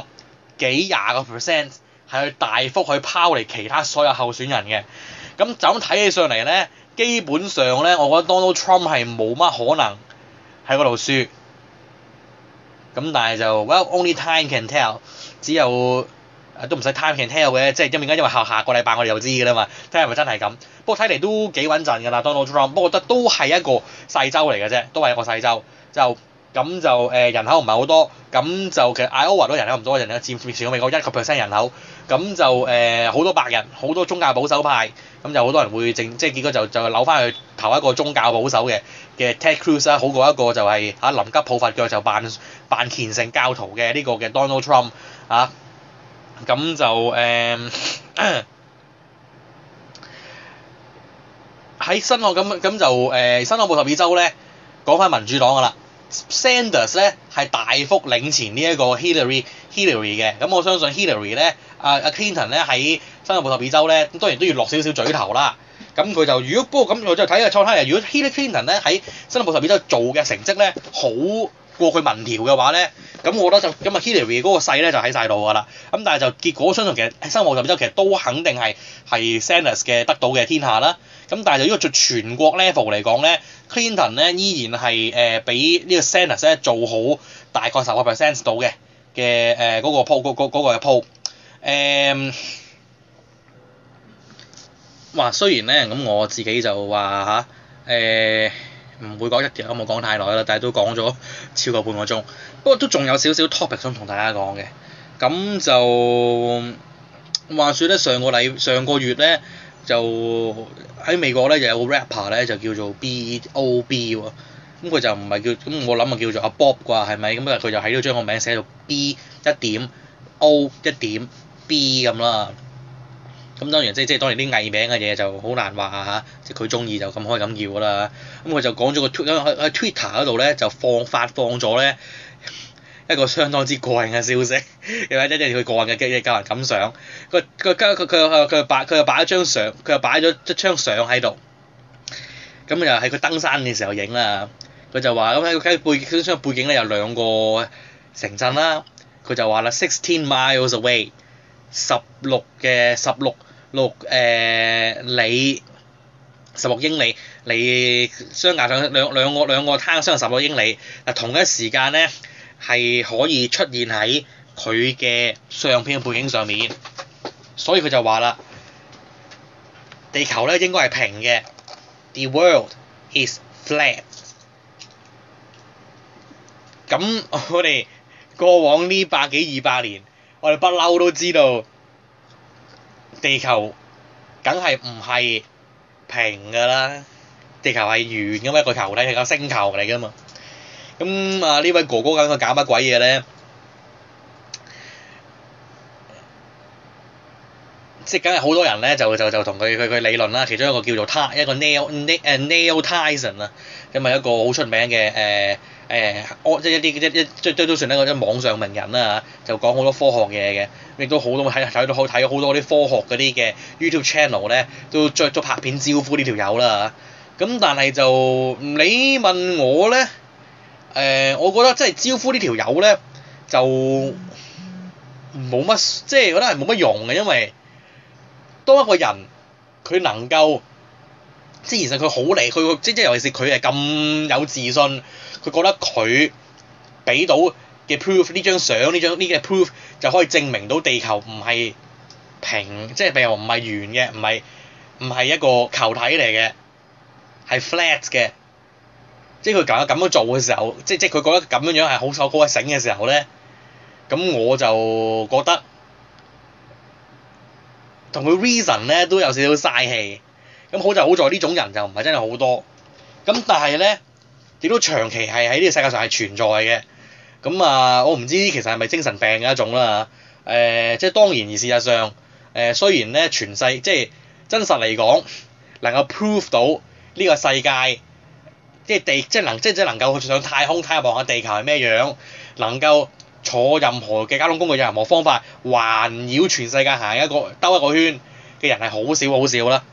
幾廿個 percent 係去大幅去拋離其他所有候選人嘅，咁就咁睇起上嚟咧，基本上咧，我覺得 Donald Trump 係冇乜可能喺嗰度輸，咁但係就 Well only time can tell，只有、啊、都唔使 time can tell 嘅，即係因為因為下下個禮拜我哋就知㗎啦嘛，睇係咪真係咁，不過睇嚟都幾穩陣㗎啦 Donald Trump，不過覺得都係一個細州嚟嘅啫，都係一個細州就。咁就誒人口唔係好多，咁就其實 Iowa 都人口唔多，人口佔全個美國一個 percent，人口，咁就誒好多白人，好多宗教保守派，咁就好多人會政，即係結果就就扭翻去投一個宗教保守嘅嘅 Ted Cruz 啦，好過一個就係嚇臨急抱佛腳就扮扮虔誠教徒嘅呢個嘅 Donald Trump 嚇，咁就誒喺新罕咁咁就誒新罕布什爾州咧，講翻民主黨噶啦。Sanders 咧係大幅領前呢一個 Hillary, Hillary Hillary 嘅，咁我相信 Hillary 咧，阿、啊、阿 Clinton 咧喺新罕布什爾州咧，當然都要落少少嘴頭啦。咁佢就如果不過咁我再睇下初選，如果，果 Hillary Clinton 咧喺新罕布什爾州做嘅成績咧好過佢民調嘅話咧，咁我覺得就咁啊 Hillary 嗰個勢咧就喺晒度㗎啦。咁但係就結果相信其實喺新罕布什爾州其實都肯定係係 Sanders 嘅得到嘅天下啦。咁但係就呢個在全國 level 嚟講咧，Clinton 咧依然係誒比呢個 Sanders 咧做好大概十個 percent 到嘅嘅誒嗰個 poll 嗰個嘅 poll, 個 poll、嗯、哇！雖然咧，咁我自己就話吓，誒、啊、唔會講一條咁冇講太耐啦，但係都講咗超過半個鐘。不過都仲有少少 topic 想同大家講嘅，咁就話説咧，上個禮上個月咧。就喺美國咧，就有個 rapper 咧，就叫做 B.O.B 喎。咁佢、啊嗯、就唔係叫，咁我諗就叫做阿 Bob 啩，係咪？咁、嗯、佢就喺度將個名寫到 B 一點 O 一點 B 咁、啊、啦。咁、嗯、當然即係即係當年啲藝名嘅嘢就好難話吓、啊，即係佢中意就咁可以咁叫㗎啦。咁、啊、佢、嗯、就講咗個 Twitter 喺 Twitter 嗰度咧，就放發放咗咧。一個相當之過癮嘅消息，又或者一啲佢過癮嘅嘅嘅個人感想。佢佢佢佢佢佢擺佢就擺張相，佢又擺咗一張相喺度。咁又喺佢登山嘅時候影啦。佢就話咁喺佢背景，相嘅背景咧有兩個城鎮啦。佢就話啦，sixteen miles away，十六嘅十六六誒里，十六英里離雙崖兩兩兩個兩個灘相距十六英里。嗱，個個個英里同一時間咧。係可以出現喺佢嘅相片背景上面，所以佢就話啦，地球咧應該係平嘅，The world is flat。咁我哋過往呢百幾二百年，我哋不嬲都知道地球梗係唔係平噶啦，地球係圓嘅，一個球體，係個星球嚟噶嘛。咁啊！呢位哥哥咁佢搞乜鬼嘢咧？即係梗係好多人咧，就就就同佢佢佢理論啦。其中一個叫做他一個 Neil Neil Tyson 啊，咁咪一個好出名嘅誒誒，即、呃呃、一啲即一係都算一個即網上名人啦，就講好多科學嘢嘅，亦都好多睇睇到好睇到好多啲科學嗰啲嘅 YouTube channel 咧，都着咗拍片招呼呢條友啦，咁但係就你問我咧？誒、呃，我覺得即係招呼這條呢條友咧，就冇乜，即、就、係、是、覺得係冇乜用嘅，因為當一個人佢能夠即係其實佢好叻，佢即即係尤其是佢係咁有自信，佢覺得佢俾到嘅 proof 呢張相，呢張呢嘅 proof 就可以證明到地球唔係平，即係譬如話唔係圓嘅，唔係唔係一個球體嚟嘅，係 flat 嘅。即係佢搞咁樣做嘅時候，即係即係佢覺得咁樣樣係好受高一醒嘅時候咧，咁我就覺得同佢 reason 咧都有少少嘥氣。咁好就好在呢種人就唔係真係好多，咁但係咧亦都長期係喺呢個世界上係存在嘅。咁啊，我唔知其實係咪精神病嘅一種啦，呃，即係當然而事實上，呃，雖然咧全世即係真實嚟講能夠 prove 到呢個世界。即係地，即係能，即係只能夠去上太空睇下望下地球係咩樣，能夠坐任何嘅交通工具，任何方法環繞全世界行一個兜一個圈嘅人係好少好少啦。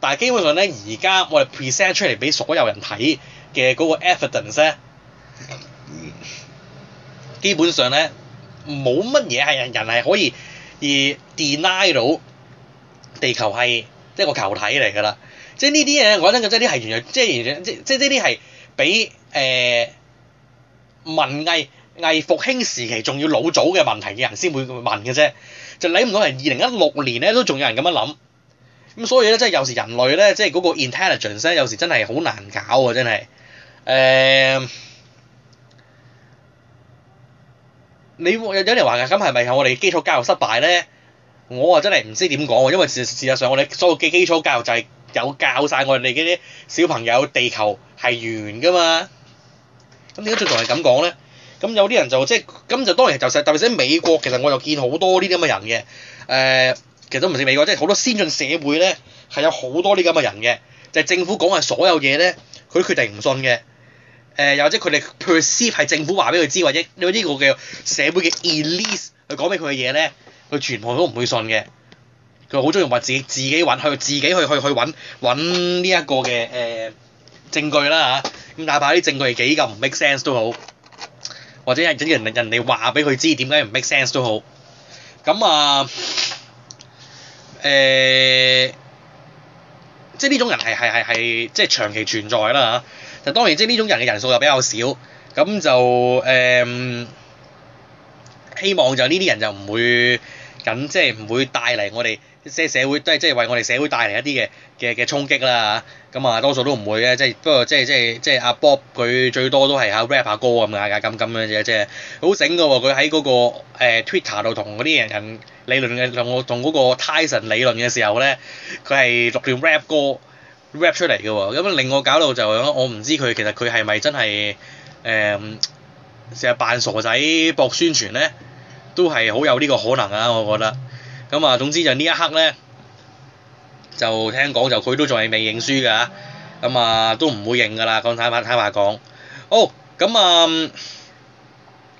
但係基本上咧，而家我哋 present 出嚟俾所有人睇嘅嗰個 evidence，基本上咧冇乜嘢係人，人係可以而 deny 到地球係即係個球體嚟㗎啦。即係呢啲嘢，講真嘅，即係啲係原來，即係原來，即即即啲係比誒、呃、文藝藝復興時期仲要老早嘅問題嘅人先會問嘅啫，就理唔到係二零一六年咧都仲有人咁樣諗，咁所以咧即係有時人類咧即係嗰個 intelligence 有時真係好難搞喎，真係誒。你、呃、有有人話嘅咁係咪係我哋基礎教育失敗咧？我啊真係唔知點講喎，因為事事實上我哋所有嘅基礎教育就係、是。有教晒我哋啲小朋友，地球係圓噶嘛？咁點解仲同係咁講咧？咁有啲人就即係咁就當然就係特別係美國，其實我又見好多呢啲咁嘅人嘅。誒、呃，其實都唔止美國，即係好多先進社會咧，係有好多啲咁嘅人嘅，就係、是、政府講係所有嘢咧，佢都決定唔信嘅。誒，又或者佢哋 perceive 係政府話俾佢知，或者呢個嘅社會嘅 elite 去講俾佢嘅嘢咧，佢全部都唔會信嘅。好中意話自己自己，自己去，自己去去去揾揾呢一個嘅誒、呃、證據啦嚇，咁哪怕啲證據係幾咁唔 make sense 都好，或者係人，人人哋話俾佢知點解唔 make sense 都好，咁啊誒、呃，即係呢種人係係係係即係長期存在啦嚇，就當然即係呢種人嘅人數又比較少，咁就誒、呃、希望就呢啲人就唔會咁，即係唔會帶嚟我哋。即係社會都係即係為我哋社會帶嚟一啲嘅嘅嘅衝擊啦，咁啊，多數都唔會嘅，即係不過即係即係即係阿、啊、Bob 佢最多都係下 rap 下歌咁樣㗎，咁咁樣啫即係好醒嘅喎，佢喺嗰個、呃、Twitter 度同嗰啲人理論嘅，同我同嗰個 Tyson 理論嘅時候咧，佢係錄段 rap 歌 rap 出嚟嘅喎，咁令我搞到就係咁，我唔知佢其實佢係咪真係誒成日扮傻仔博宣傳咧，都係好有呢個可能啊，我覺得。咁啊，總之就呢一刻咧，就聽講就佢都仲係未認輸㗎，咁啊都唔會認㗎啦。講坦白坦白講，哦，咁啊，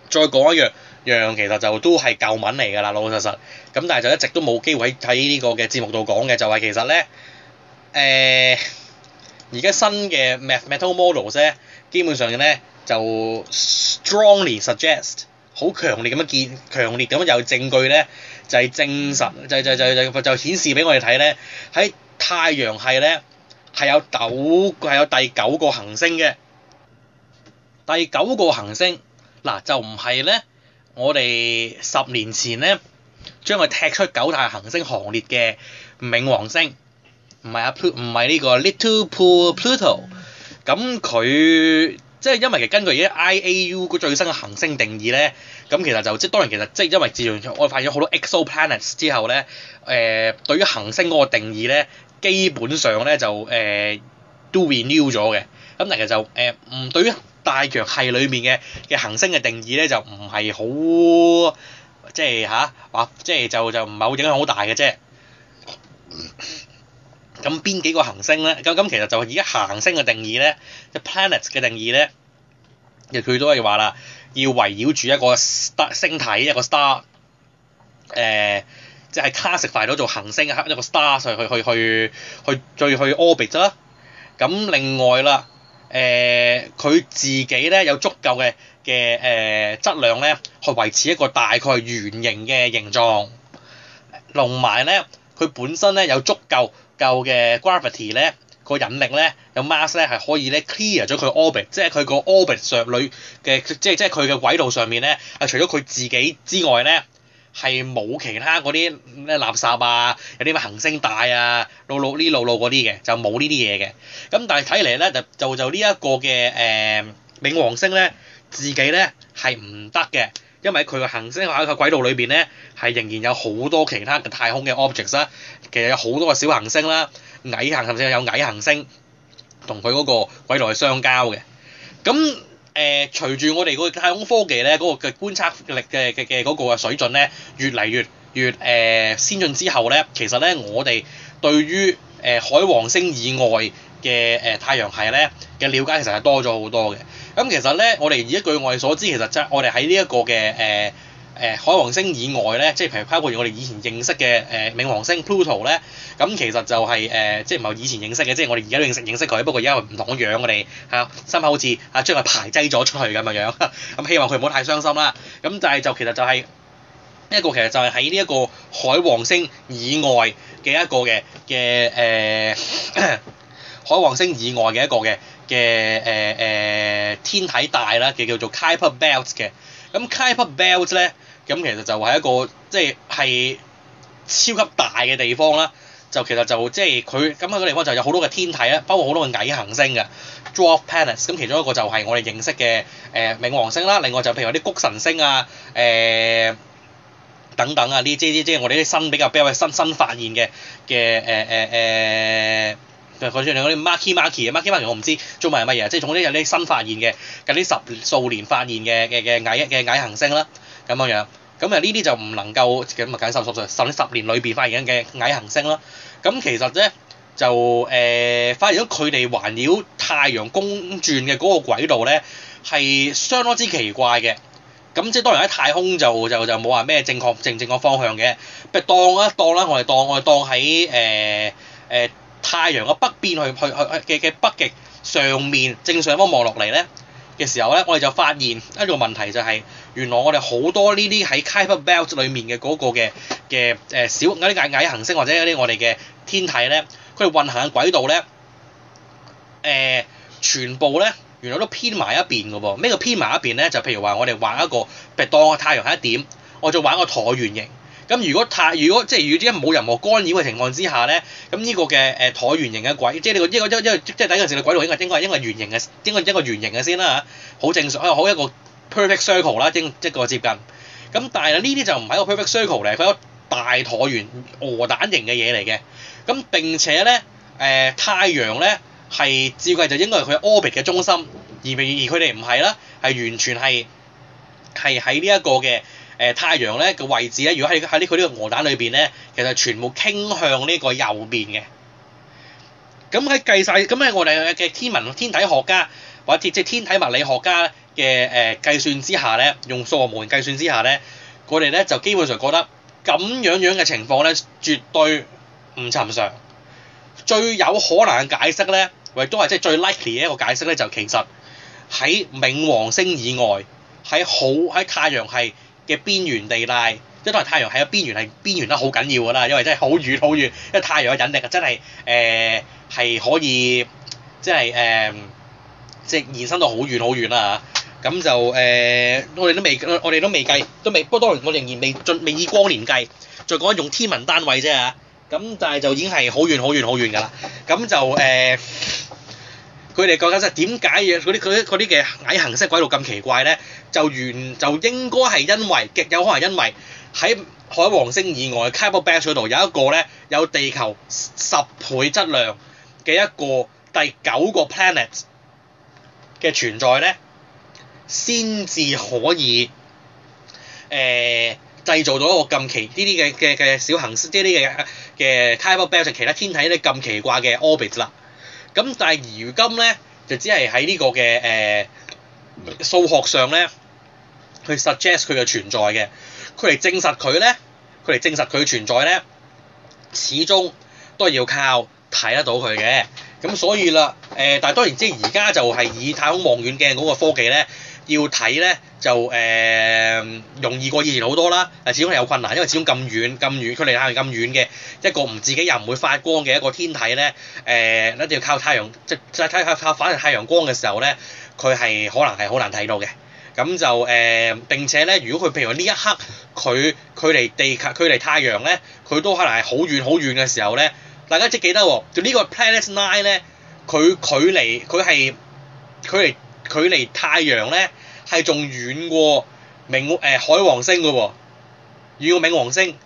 再講一樣，樣其實就都係舊聞嚟㗎啦，老老實實。咁但係就一直都冇機會喺呢個嘅節目度講嘅，就係其實咧，誒，而家新嘅 mathematical models 咧，基本上嘅咧就 strongly suggest。好強烈咁樣見，強烈咁樣有證據咧，就係證實，就就就就就顯示俾我哋睇咧，喺太陽系咧係有九係有第九個行星嘅，第九個行星嗱就唔係咧，我哋十年前咧將佢踢出九大行星行列嘅冥王星，唔係阿 Pl 唔係呢個 Little Pl- Pluto，咁佢。即係因為根據而家 IAU 個最新嘅行星定義咧，咁其實就即係當然其實即係因為自從我發現咗好多 exoplanets 之後咧，誒、呃、對於行星嗰個定義咧，基本上咧就誒、呃、都 renew 咗嘅。咁但係其實就誒唔、呃、對於太陽系裏面嘅嘅行星嘅定義咧、啊，就唔係好即係吓，話，即係就就唔係好影響好大嘅啫。咁邊幾個行星咧？咁咁其實就係而家行星嘅定義咧，即 planets 嘅定義咧，其佢都係話啦，要圍繞住一個星體一個 star，即係、呃就是、classify 咗做行星嘅一個 star 去去去去去再去 orbit 啦。咁另外啦，佢、呃、自己咧有足夠嘅嘅誒質量咧，去維持一個大概圓形嘅形狀，同埋咧佢本身咧有足夠夠嘅 gravity 咧，個引力咧，有 mass 咧，係可以咧 clear 咗佢 orbit，即係佢個 orbit 上面嘅，即係即係佢嘅軌道上面咧，除咗佢自己之外咧，係冇其他嗰啲咩垃圾啊，有啲咩行星帶啊，露露呢露露嗰啲嘅，就冇呢啲嘢嘅。咁但係睇嚟咧，就就就呢一個嘅誒，冥王星咧，自己咧係唔得嘅。 因為佢個行星喺嗰個軌道裏邊咧，係仍然有好多其他嘅太空嘅 objects 啦，其實有好多個小行星啦、矮行甚至有矮行星，同佢嗰個軌道係相交嘅。咁誒，隨、呃、住我哋個太空科技咧嗰、那個嘅觀測力嘅嘅嘅嗰個嘅水準咧，越嚟越越誒、呃、先進之後咧，其實咧我哋對於誒、呃、海王星以外，嘅誒太陽系咧嘅了解其實係多咗好多嘅。咁其實咧，我哋而一據外所知，其實即係我哋喺呢一個嘅誒誒海王星以外咧，即係譬如包括我哋以前認識嘅誒冥王星 Pluto 咧，咁其實就係誒即係唔係以前認識嘅，即係我哋而家認識認識佢，不過而家唔同樣我哋嚇，心口好似嚇將佢排擠咗出去咁樣樣，咁希望佢唔好太傷心啦。咁但係就其實就係呢一個其實就係喺呢一個海王星以外嘅一個嘅嘅誒。海王星以外嘅一個嘅嘅誒誒天體帶啦，嘅叫做 Kuiper Belt 嘅。咁 Kuiper Belt 咧，咁其實就係一個即係係超級大嘅地方啦。就其實就即係佢咁樣嘅地方就有好多嘅天體啦，包括好多嘅矮行星嘅 dwarf planets 咁其中一個就係我哋認識嘅誒冥王星啦，另外就譬如有啲谷神星啊，誒、呃、等等啊，呢啲即即即我哋啲新比較比較新新發現嘅嘅誒誒誒。佢嗰啲嗰啲 Marki Marki 嘅 Marki Marki 我唔知做埋係乜嘢，即總之有啲新發現嘅，近啲十數年發現嘅嘅嘅矮嘅矮行星啦，咁啊樣，咁啊呢啲就唔能夠咁咪價收十歲，甚至十,十年裏邊發現緊嘅矮行星啦。咁其實咧就誒、呃、發現咗佢哋環繞太陽公轉嘅嗰個軌道咧係相當之奇怪嘅。咁即係當然喺太空就就就冇話咩正確正正嘅方向嘅，咪當啦當啦，我哋當我哋當喺太陽個北邊去去去嘅嘅北極上面正常咁樣望落嚟咧嘅時候咧，我哋就發現一個問題就係、是，原來我哋好多呢啲喺 Kuiper Belt 裏面嘅嗰個嘅嘅誒小嗰啲矮矮行星或者嗰啲我哋嘅天體咧，佢哋運行嘅軌道咧，誒、呃、全部咧原來都偏埋一邊嘅噃。咩叫偏埋一邊咧？就譬如話，我哋畫一個，譬如當太陽係一點，我再畫個橢圓形。咁如果太如果即係如果即係冇任何干擾嘅情況之下咧，咁呢個嘅誒、呃、橢圓形嘅軌，即係呢、呢個呢個呢個即係第一個時，你軌路應係應該應該係圓形嘅，應該,應該一個圓形嘅先啦嚇，好正常好一個 perfect circle 啦，應一個接近。咁但係呢啲就唔係一個 perfect circle 嚟，佢一個大橢圓、鵝蛋形嘅嘢嚟嘅。咁並且咧，誒、呃、太陽咧係照計就應該係佢 orbit 嘅中心，而而佢哋唔係啦，係完全係係喺呢一個嘅。誒太陽咧個位置咧，如果喺喺呢佢呢個鵝蛋裏邊咧，其實全部傾向呢個右邊嘅。咁喺計晒，咁喺我哋嘅天文天體學家或者即係天體物理學家嘅誒、呃、計算之下咧，用數學模型計算之下咧，我哋咧就基本上覺得咁樣樣嘅情況咧，絕對唔尋常。最有可能嘅解釋咧，亦都係即係最 likely 嘅一個解釋咧，就是、其實喺冥王星以外，喺好喺太陽系。嘅邊緣地帶，即係都係太陽喺個邊緣，係邊緣得好緊要㗎啦，因為真係好遠好遠，因為太陽嘅引力啊，真係誒係可以，即係誒，即係延伸到好遠好遠啦嚇，咁就誒、呃，我哋都未，我哋都未計，都未，不過當然我仍然未進，未以光年計，再講用天文單位啫嚇，咁但係就已經係好遠好遠好遠㗎啦，咁就誒。呃佢哋講緊即係點解嗰啲啲嘅矮行星軌道咁奇怪咧？就原就應該係因為極有可能因為喺海王星以外嘅 Kuiper Belt 度有一個咧有地球十倍質量嘅一個第九個 planet 嘅存在咧，先至可以誒、呃、製造到一個咁奇啲啲嘅嘅嘅小行星即係啲嘅嘅 Kuiper Belt 其他天體咧咁奇怪嘅 orbit 啦。咁但係如今咧，就只係喺呢個嘅呃、數學上咧，去 suggest 佢嘅存在嘅。佢嚟證實佢咧，佢嚟證實佢存在咧，始終都係要靠睇得到佢嘅。咁所以啦、呃，但係當然即係而家就係以太空望遠鏡嗰個科技咧。要睇咧就、呃、容易過以前好多啦，但始終係有困難，因為始終咁遠咁遠佢離太陽咁遠嘅一個唔自己又唔會發光嘅一個天體咧，誒一定要靠太陽，即係太靠靠反正太陽光嘅時候咧，佢係可能係好難睇到嘅。咁就誒、呃，並且咧，如果佢譬如話呢一刻佢距離地球距離太陽咧，佢都可能係好遠好遠嘅時候咧，大家即記記得喎、哦，就個呢個 Planet Nine 咧，佢距離佢係距離太陽咧係仲遠過冥誒、呃、海王星嘅喎、哦，遠過冥王星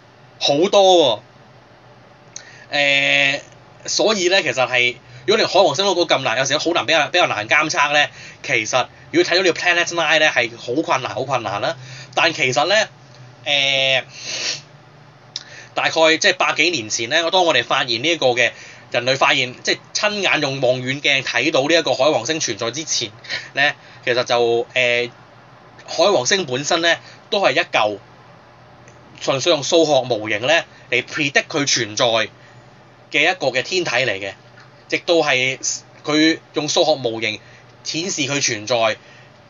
好多喎、哦呃。所以咧，其實係，如果你海王星都咁難，有時好難比較比較難監測咧，其實如果睇到你 Planet Nine 咧係好困難好困難啦。但其實咧誒、呃，大概即係百幾年前咧，當我哋發現呢一個嘅。人類發現即係親眼用望遠鏡睇到呢一個海王星存在之前咧，其實就、呃、海王星本身咧都係一嚿純粹用數學模型咧嚟 predict 佢存在嘅一個嘅天體嚟嘅，直到係佢用數學模型顯示佢存在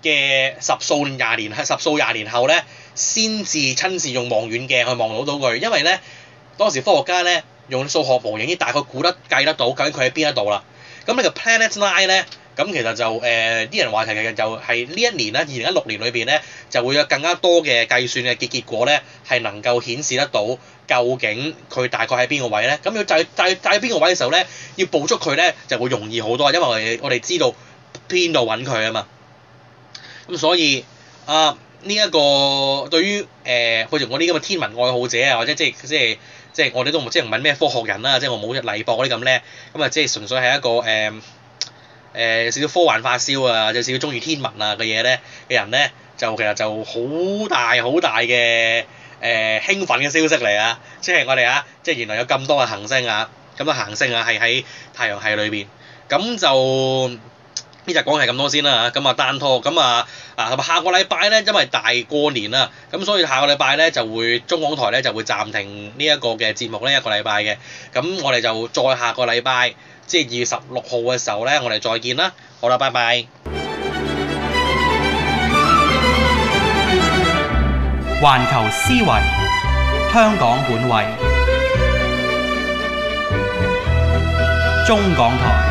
嘅十數廿年係十數廿年後咧，先至親自用望遠鏡去望到到佢，因為咧當時科學家咧。用數學模型已經大概估得計得到究竟佢喺邊一度啦？咁、那個、呢個 Planet Nine 咧，咁其實就誒啲、呃、人話題其實就係呢一年啦，二零一六年裏邊咧就會有更加多嘅計算嘅結結果咧，係能夠顯示得到究竟佢大概喺邊個位咧？咁要計計計喺邊個位嘅時候咧，要捕捉佢咧就會容易好多，因為我哋我哋知道邊度揾佢啊嘛。咁所以啊，呢、這、一個對於誒譬如我啲咁嘅天文愛好者啊，或者即係即係。就是即係我哋都唔即係唔問咩科學人啦，即係我冇黎博嗰啲咁叻，咁啊即係純粹係一個誒誒少少科幻發燒啊，有少少中意天文啊嘅嘢咧嘅人咧，就其實就好大好大嘅誒、呃、興奮嘅消息嚟啊！即係我哋啊，即係原來有咁多嘅行星啊，咁多行星啊係喺太陽系裏邊，咁就。呢集講係咁多先啦嚇，咁啊單拖，咁啊啊，下個禮拜咧，因為大過年啦，咁所以下個禮拜咧就會中港台咧就會暫停呢一個嘅節目呢一個禮拜嘅。咁我哋就再下個禮拜，即係二月十六號嘅時候咧，我哋再見啦，好啦，拜拜。環球思維，香港本位，中港台。